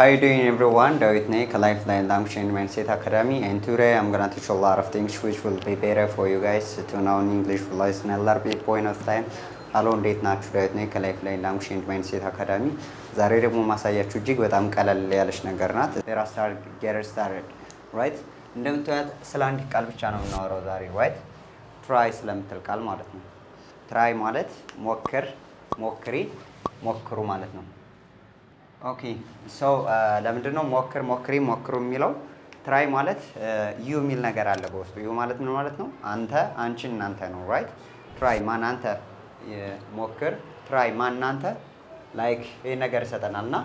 How are you doing everyone? David Nick, Lifeline Language and Mindset Academy and today I'm gonna teach a lot of things which will be better for you guys to know in English for less than a lot of point of time አሎ እንዴት ናችሁ? ዳዊት ነኝ ከላይፍላይን ላንጉጅ ኤንድ ማይንድሴት አካዳሚ። ዛሬ ደግሞ ማሳያችሁ እጅግ በጣም ቀለል ያለች ነገር ናት። ዜራ ስታር ጌር ስታርድ ራይት። እንደምታዩት ስለ አንድ ቃል ብቻ ነው የምናወራው ዛሬ ራይት። ትራይ ስለምትል ቃል ማለት ነው። ትራይ ማለት ሞክር፣ ሞክሪ፣ ሞክሩ ማለት ነው። ኦኬ ሰው ለምንድን ነው ሞክር ሞክሪ ሞክሩ የሚለው? ትራይ ማለት ዩ የሚል ነገር አለ በውስጡ። ዩ ማለት ምን ማለት ነው? አንተ፣ አንቺ፣ እናንተ ነው። ራይት ትራይ ማን አንተ፣ ሞክር ትራይ ማን እናንተ። ላይክ ይህ ነገር ይሰጠናል እና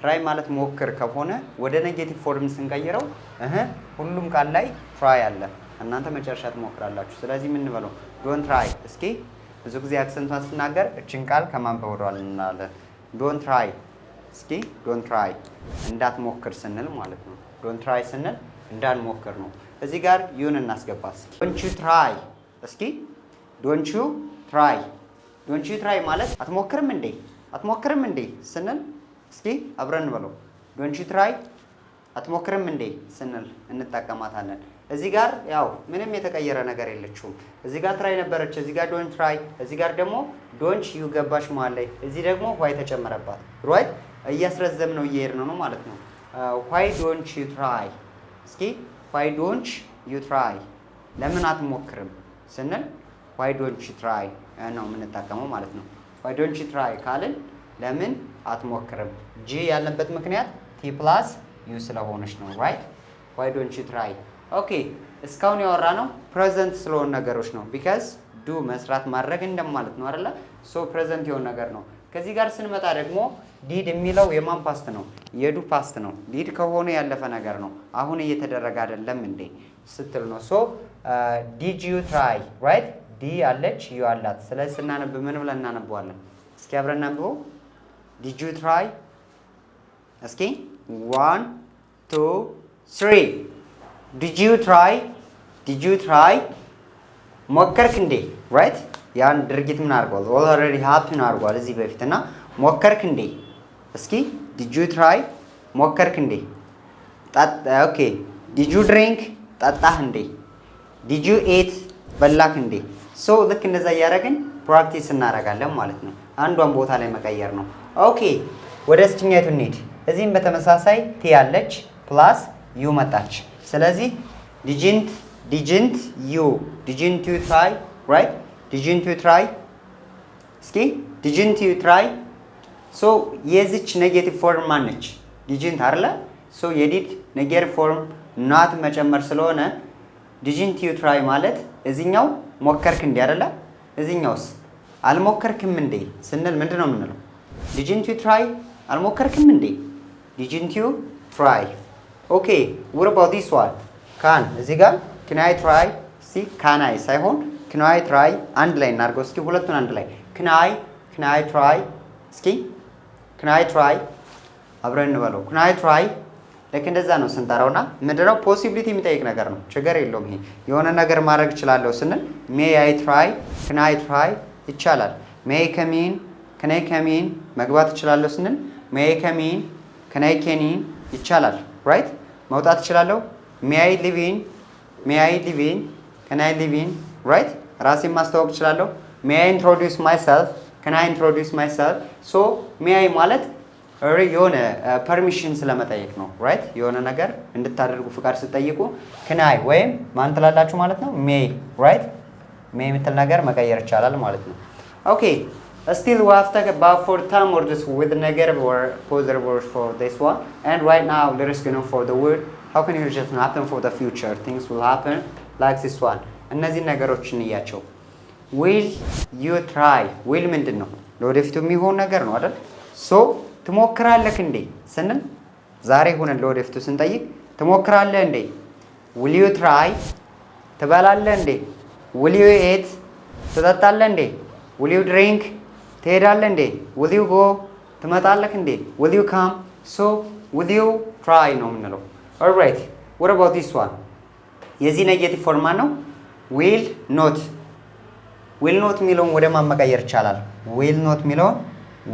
ትራይ ማለት ሞክር ከሆነ ወደ ኔጌቲቭ ፎርም ስንቀይረው እህ ሁሉም ቃል ላይ ትራይ አለ። እናንተ መጨረሻ ትሞክራላችሁ። ስለዚህ የምንበለው ዶን ትራይ። እስኪ ብዙ ጊዜ አክሰንቷን ስናገር እችን ቃል ከማንበብ ወደኋላ እንላለን። ዶን ትራይ እስኪ ዶንት ትራይ እንዳትሞክር ስንል ማለት ነው። ዶንት ትራይ ስንል እንዳንሞክር ነው። እዚህ ጋር ዩን እናስገባ እስኪ ዶንቹ ትራይ እስኪ ዶንቹ ትራይ ዶንቹ ትራይ ማለት አትሞክርም እንዴ አትሞክርም እንዴ ስንል እስኪ አብረን በለው ዶንቹ ትራይ አትሞክርም እንዴ ስንል እንጠቀማታለን። እዚህ ጋር ያው ምንም የተቀየረ ነገር የለችውም። እዚህ ጋር ትራይ ነበረች፣ እዚህ ጋር ዶንት ትራይ፣ እዚህ ጋር ደግሞ ዶንች ዩ ገባች ማለት ላይ፣ እዚህ ደግሞ ዋይ ተጨመረባት ራይት እያስረዘም ነው እየሄድ ነው ነው ማለት ነው። ዋይ ዶንች ዩ ትራይ እስኪ ዋይ ዶንች ዩ ትራይ ለምን አትሞክርም ስንል ዋይ ዶንች ዩ ትራይ ነው የምንጠቀመው ማለት ነው። ዋይ ዶንች ዩ ትራይ ካልን ለምን አትሞክርም ጂ ያለበት ምክንያት ቲ ፕላስ ዩ ስለሆነች ነው። ራይት ዋይ ዶንች ዩ ትራይ ኦኬ። እስካሁን ያወራ ነው ፕሬዘንት ስለሆኑ ነገሮች ነው። ቢካዝ ዱ መስራት ማድረግ እንደማለት ነው አይደለ? ሶ ፕሬዘንት የሆነ ነገር ነው። ከዚህ ጋር ስንመጣ ደግሞ ዲድ የሚለው የማን ፓስት ነው? የዱ ፓስት ነው። ዲድ ከሆነ ያለፈ ነገር ነው። አሁን እየተደረገ አይደለም እንዴ ስትል ነው። ሶ ዲድ ዩ ትራይ ራይት። ዲ አለች ዩ አላት። ስለዚህ ስናነብ ምን ብለን እናነበዋለን? እስኪ አብረን እናንብበው። ዲድ ዩ ትራይ። እስኪ ዋን ቱ ስሪ። ዲድ ዩ ትራይ፣ ዲድ ዩ ትራይ። ሞከርክ እንዴ ራይት። ያን ድርጊት ምን አድርጓል? ኦልሬዲ ሀፕን አድርጓል እዚህ በፊት እና ሞከርክ እንዴ እስኪ ዲጁ ትራይ ሞከርክ እንዴ? ኦኬ ዲጁ ድሪንክ ጠጣህ እንዴ? ዲጁ ኤት በላክ እንዴ? ሶ ልክ እንደዛ እያደረግን ፕራክቲስ እናደርጋለን ማለት ነው። አንዷን ቦታ ላይ መቀየር ነው። ኦኬ ወደ ስችኛቱ እንሂድ። እዚህም በተመሳሳይ ቲ ያለች ፕላስ ዩ መጣች። ስለዚህ ዲጅንት ዲጅንት ዩ ዲጅንት ዩ ትራይ ራይት ዲጅንት ዩ ትራይ እስኪ ዲጅንት ዩ ትራይ ሶ የዚች ኔጌቲቭ ፎርም ማነች? ዲጂንት አለ። ሶ የዲድ ኔጌቲቭ ፎርም ናት መጨመር ስለሆነ ዲጂንት ዩ ትራይ ማለት እዚኛው ሞከርክ እንዲ አይደለ? እዚኛውስ አልሞከርክም እንዴ ስንል ምንድን ነው የምንለው? ዲጂንት ዩ ትራይ አልሞከርክም እንዴ? ዲጂንት ዩ ትራይ ኦኬ ውር አባውት ዲስ ዋን ካን እዚህ ጋር ክናይ ትራይ ሲ ካናይ ሳይሆን ክናይ ትራይ አንድ ላይ እናድርገው እስኪ ሁለቱን አንድ ላይ ክናይ ክናይ ትራይ እስኪ ክናይ ትራይ አብረን እንበለው። ክናይ ትራይ ልክ እንደዛ ነው ስንጠራውና ምንድነው ፖሲቢሊቲ የሚጠይቅ ነገር ነው። ችግር የለውም ይሄ የሆነ ነገር ማድረግ እችላለሁ ስንል ሜይ አይ ትራይ ክናይ ትራይ ይቻላል። ሜይ ከሚን ክናይ ከሚን መግባት እችላለሁ ስንል ሜይ ከሚን ክናይ ኬኒን ይቻላል። ራይት መውጣት እችላለሁ። ሜይ ሊቪን ሜይ ሊቪን ክናይ ሊቪን ራይት ራሴን ማስተዋወቅ እችላለሁ። ሜይ ኢንትሮዲውስ ማይሰልፍ ከን አይ ኢንትሮዲውስ ማይሰልፍ ሶ ሚያይ ማለት የሆነ ፐርሚሽን uh, ስለመጠየቅ ነው። ራይት የሆነ ነገር እንድታደርጉ ፍቃድ ስጠይቁ ክናይ ወይም ማን ትላላችሁ ማለት ነው። ሜይ ራይት ሜይ የምትል ነገር መቀየር ይቻላል ማለት ነው። ኦኬ ስቲል ዊ ሃቭ ቱ ባብ ፎር ዊዝ ኔጌቲቭ ኦር ፖዚቲቭ ወርድስ ፎር ዲስ ዋን ኤንድ ራይት ናው ዘር ኢዝ ፎር ዘ ወርድ ሃው ካን ዩ ጀስት ሃፕን ፎር ዘ ፊውቸር ቲንግስ ዊል ሃፕን ላይክ ዚስ ዋን። እነዚህን ነገሮች እንያቸው። ዊል ዩ ትራይ ዊል ምንድን ነው? ለወደፊቱ የሚሆን ነገር ነው አይደል? ሶ ትሞክራለህ እንዴ ስንል ዛሬ ሆነን ለወደፊቱ ስንጠይቅ ትሞክራለህ እንዴ? ዊል ዩ ትራይ። ትበላለህ እንዴ? ዊል ዩ ኤት። ትጠጣለህ እንዴ? ዊል ዩ ድሪንክ። ትሄዳለህ እንዴ? ዊል ዩ ጎ። ትመጣለህ እንዴ? ዊል ዩ ካም። ሶ ዊል ዩ ትራይ ነው የምንለው። ኦልራይት ወር አባውት ዲስ ዋን የዚህ ኔጌቲቭ ፎርማ ነው ዊል ኖት ዊል ኖት የሚለውን ወደ ማን መቀየር ይቻላል? ዊል ኖት የሚለውን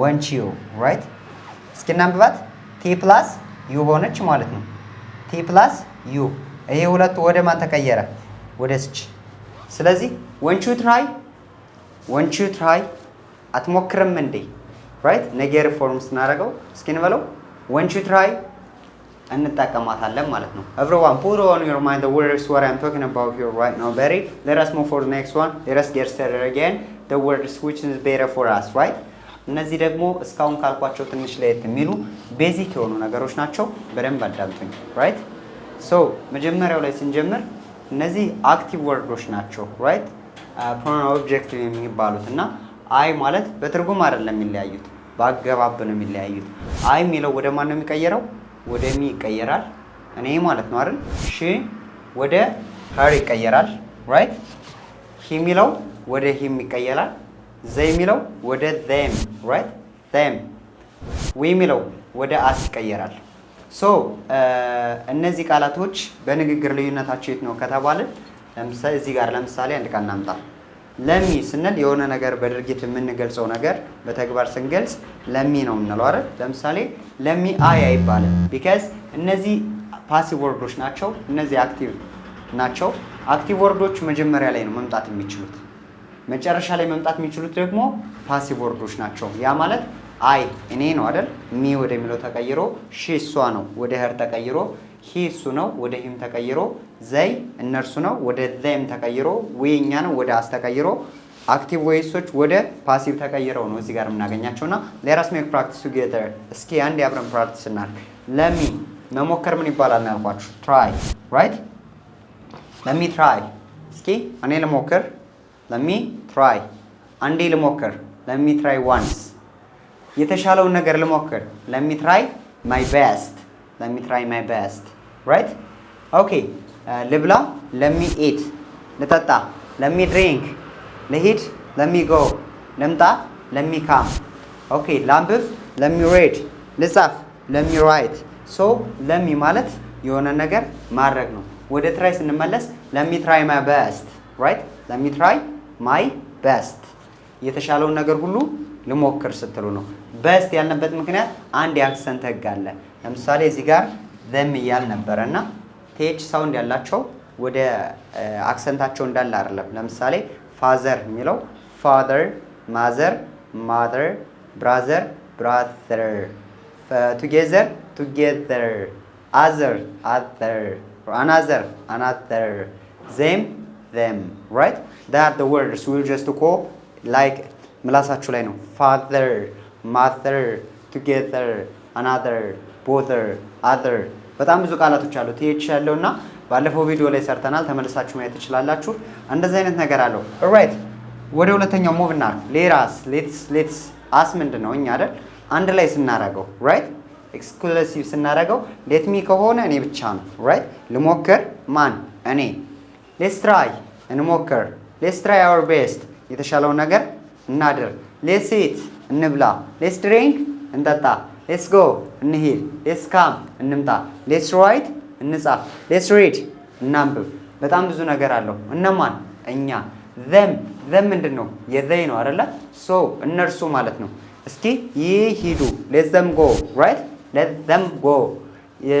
ወንች ዩ ራይት። እስኪ እናንብባት። ቲ ፕላስ ዩ ሆነች ማለት ነው። ቲ ፕላስ ዩ ይሄ ሁለቱ ወደ ማን ተቀየረ? ወደ ስች። ስለዚህ ወንች ዩ ትራይ፣ ወንች ዩ ትራይ፣ አትሞክርም እንዴ ራይት። ነገሪ ፎርም ስናደርገው እስኪ እንበለው ወንች ዩ ትራይ እንጠቀማታለን ማለት ነው። everyone put on your mind the words what I'm talking about here right now very let us move for the next one let us get started again the words which is better for us right እነዚህ ደግሞ እስካሁን ካልኳቸው ትንሽ ለየት የሚሉ ቤዚክ የሆኑ ነገሮች ናቸው። በደንብ አዳምጡኝ። ራይት ሶ መጀመሪያው ላይ ስንጀምር እነዚህ አክቲቭ ወርዶች ናቸው። ራይት ፕሮናን ኦብጀክቲቭ የሚባሉት እና አይ ማለት በትርጉም አይደለም የሚለያዩት፣ በአገባብ ነው የሚለያዩት። አይ የሚለው ወደ ማን ነው የሚቀየረው? ወደ ሚ ይቀየራል። እኔ ማለት ነው አይደል? ሺ ወደ ሀር ይቀየራል። ራይት ሂ የሚለው ወደ ሂም ይቀየራል። ዘ የሚለው ወደ ዘም ራይት ዘም ዊ የሚለው ወደ አስ ይቀየራል። ሶ እነዚህ ቃላቶች በንግግር ልዩነታቸው የት ነው ከተባለ እዚህ ጋር ለምሳሌ አንድ ቃል እናምጣ። ለሚ ስንል የሆነ ነገር በድርጊት የምንገልጸው ነገር በተግባር ስንገልጽ ለሚ ነው የምንለው አይደል? ለምሳሌ ለሚ አይ አይባልም። ቢካዝ እነዚህ ፓሲቭ ወርዶች ናቸው፣ እነዚህ አክቲቭ ናቸው። አክቲቭ ወርዶች መጀመሪያ ላይ ነው መምጣት የሚችሉት። መጨረሻ ላይ መምጣት የሚችሉት ደግሞ ፓሲቭ ወርዶች ናቸው። ያ ማለት አይ እኔ ነው አይደል? ሚ ወደሚለው ተቀይሮ ሺ እሷ ነው ወደ ሄር ተቀይሮ ሂ እሱ ነው ወደ ሂም ተቀይሮ፣ ዘይ እነርሱ ነው ወደ ዘይም ተቀይሮ፣ ወይኛ ነው ወደ አስ ተቀይሮ፣ አክቲቭ ወይሶች ወደ ፓሲቭ ተቀይረው ነው እዚህ ጋር የምናገኛቸው እና ሌራስ ሜክ ፕራክቲስ ቱጌዘር። እስኪ አንድ አብረን ፕራክቲስ እናድርግ። ለሚ መሞከር ምን ይባላል ነው ያልኳችሁ? ትራይ ራይት። ለሚ ትራይ። እስኪ እኔ ልሞክር። ለሚ ትራይ። አንዴ ልሞክር። ለሚ ትራይ ዋንስ። የተሻለውን ነገር ልሞክር። ለሚ ትራይ ማይ ቤስት። ለሚ ትራይ ማይ ቤስት ራይት ኦኬ። ልብላ ለሚ ኢት ልጠጣ ለሚ ድሪንክ ልሂድ ለሚ ጎ ልምጣ ለሚ ካም ኦኬ። ላንብብ ለሚ ሬድ ልጻፍ ለሚ ራይት ሶ ለሚ ማለት የሆነ ነገር ማድረግ ነው። ወደ ትራይ ስንመለስ ለሚ ትራይ ማይ በስት ራይት ለሚ ትራይ ማይ በስት የተሻለውን ነገር ሁሉ ልሞክር ስትሉ ነው። በስት ያልንበት ምክንያት አንድ የአክሰንት ህግ አለ። ለምሳሌ እዚህ ጋር ዘም እያል ነበረ እና ቴች ሳውንድ ያላቸው ወደ አክሰንታቸው እንዳለ አይደለም። ለምሳሌ ፋዘር የሚለው ፋዘር፣ ማዘር፣ ማዘር፣ ብራዘር፣ ብራዘር፣ ቱጌዘር፣ ቱጌዘር፣ አዘር፣ አዘር፣ አናዘር፣ አናዘር፣ ዜም፣ ዜም ራይት ዳት ወርድስ ዊል ጀስት ኮ ላይክ ምላሳችሁ ላይ ነው ፋዘር፣ ማዘር፣ ቱጌዘር፣ አናዘር ቦተር አር በጣም ብዙ ቃላቶች አሉ ቲኤች ያለው እና ባለፈው ቪዲዮ ላይ ሰርተናል። ተመልሳችሁ ማየት ትችላላችሁ። እንደዚህ አይነት ነገር አለው። ራይት ወደ ሁለተኛው ሙቭ እና ሌራስ ሌትስ ሌትስ አስ ምንድን ነው እኛ አይደል አንድ ላይ ስናረገው ራይት ኤክስክሉሲቭ ስናረገው ሌትሚ ከሆነ እኔ ብቻ ነው ራይት ልሞክር ማን እኔ ሌትስ ትራይ እንሞክር ሌትስ ትራይ አወር ቤስት የተሻለውን ነገር እናድርግ ሌትስ ኢት እንብላ ሌትስ ድሪንክ እንጠጣ ሌትስ ጎ እንሂድ። ሌትስ ካም እንምጣ። ሌትስ ራይት እንጻፍ። ሌትስ ሪድ እናንብብ። በጣም ብዙ ነገር አለው። እነማን? እኛ። ዘም ዘም ምንድን ነው? የዘይ ነው አይደለ? ሶ እነርሱ ማለት ነው። እስኪ ይሂዱ። ሌት ዘም ጎ ራይት። ሌት ዘም ጎ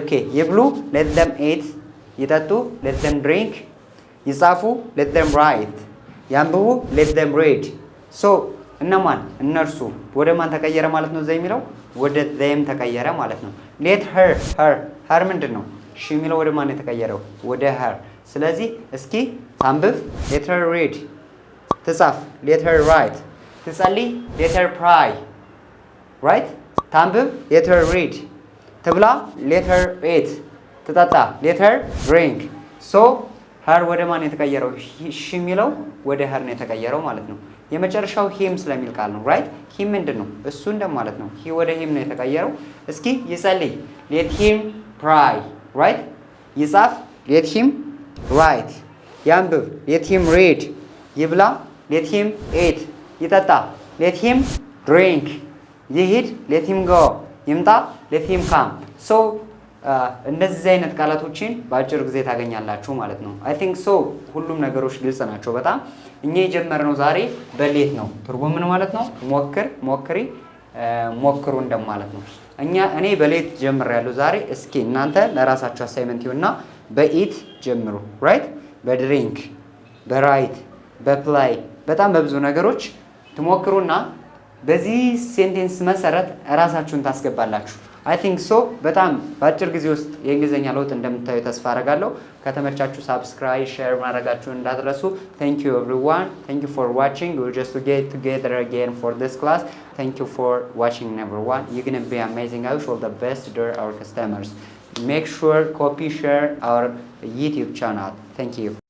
ኦኬ። ይብሉ። ሌት ዘም ኤት። ይጠጡ። ሌት ዘም ድሪንክ። ይጻፉ። ሌት ዘም ራይት። ያንብቡ። ሌት ዘም ሪድ። ሶ እነማን? እነርሱ። ወደ ማን ተቀየረ ማለት ነው እዛ የሚለው ወደ ዘይም ተቀየረ ማለት ነው። ሌት ሄር ሄር ሄር ምንድን ነው? ሺ የሚለው ወደ ማን የተቀየረው? ወደ ሄር። ስለዚህ እስኪ ታንብብ። ሌት ሄር ሪድ፣ ትጻፍ። ሌት ሄር ራይት፣ ትጸልይ። ሌት ሄር ፕራይ ራይት፣ ታንብብ። ሌት ሄር ሪድ፣ ትብላ። ሌት ሄር ኤት፣ ትጠጣ። ሌት ሄር ድሪንክ። ሶ ሄር ወደ ማን የተቀየረው? ሺ የሚለው ወደ ሄር ነው የተቀየረው ማለት ነው። የመጨረሻው ሂም ስለሚል ቃል ነው። ራይት ሂም ምንድን ነው? እሱ እንደማለት ነው። ሂ ወደ ሂም ነው የተቀየረው። እስኪ ይጸልይ። ሌት ሂም ፕራይ ራይት። ይጻፍ። ሌት ሂም ራይት። ያንብብ። ሌት ሂም ሬድ። ይብላ። ሌት ሂም ኤት። ይጠጣ። ሌት ሂም ድሪንክ። ይሂድ። ሌት ሂም ጎ። ይምጣ። ሌት ሂም ካም ሶ እንደዚህ አይነት ቃላቶችን በአጭር ጊዜ ታገኛላችሁ ማለት ነው። አይ ቲንክ ሶ ሁሉም ነገሮች ግልጽ ናቸው በጣም እኛ የጀመርነው ዛሬ በሌት ነው። ትርጉም ምን ማለት ነው? ሞክር፣ ሞክሪ፣ ሞክሩ እንደማለት ነው። እኛ እኔ በሌት ጀምር ያለው ዛሬ። እስኪ እናንተ ለራሳችሁ አሳይመንት ይሁንና በኢት ጀምሩ። ራይት፣ በድሪንክ፣ በራይት፣ በፕላይ በጣም በብዙ ነገሮች ትሞክሩና በዚህ ሴንቴንስ መሰረት እራሳችሁን ታስገባላችሁ። አይ ቲንክ ሶ በጣም በአጭር ጊዜ ውስጥ የእንግሊዝኛ ለውጥ እንደምታዩ ተስፋ አረጋለሁ። ከተመቻችሁ ሳብስክራይብ፣ ሼር ማድረጋችሁን እንዳትረሱ። ቴንክ ዩ ኤቭሪዋን ቴንክ ዩ ፎር ዋቺንግ ዊል ጀስት ጌት ቱጌዘር አጌን ፎር ዲስ ክላስ ቴንክ ዩ ፎር ዋቺንግ ነምበር ዋን ዩ ግን ቢ አሜዚንግ አይ ዊሽ ኦል ዘ ቤስት ዶር አወር ከስተመርስ ሜክ ሹር ኮፒ ሼር አወር ዩቲዩብ ቻናል ቴንክ ዩ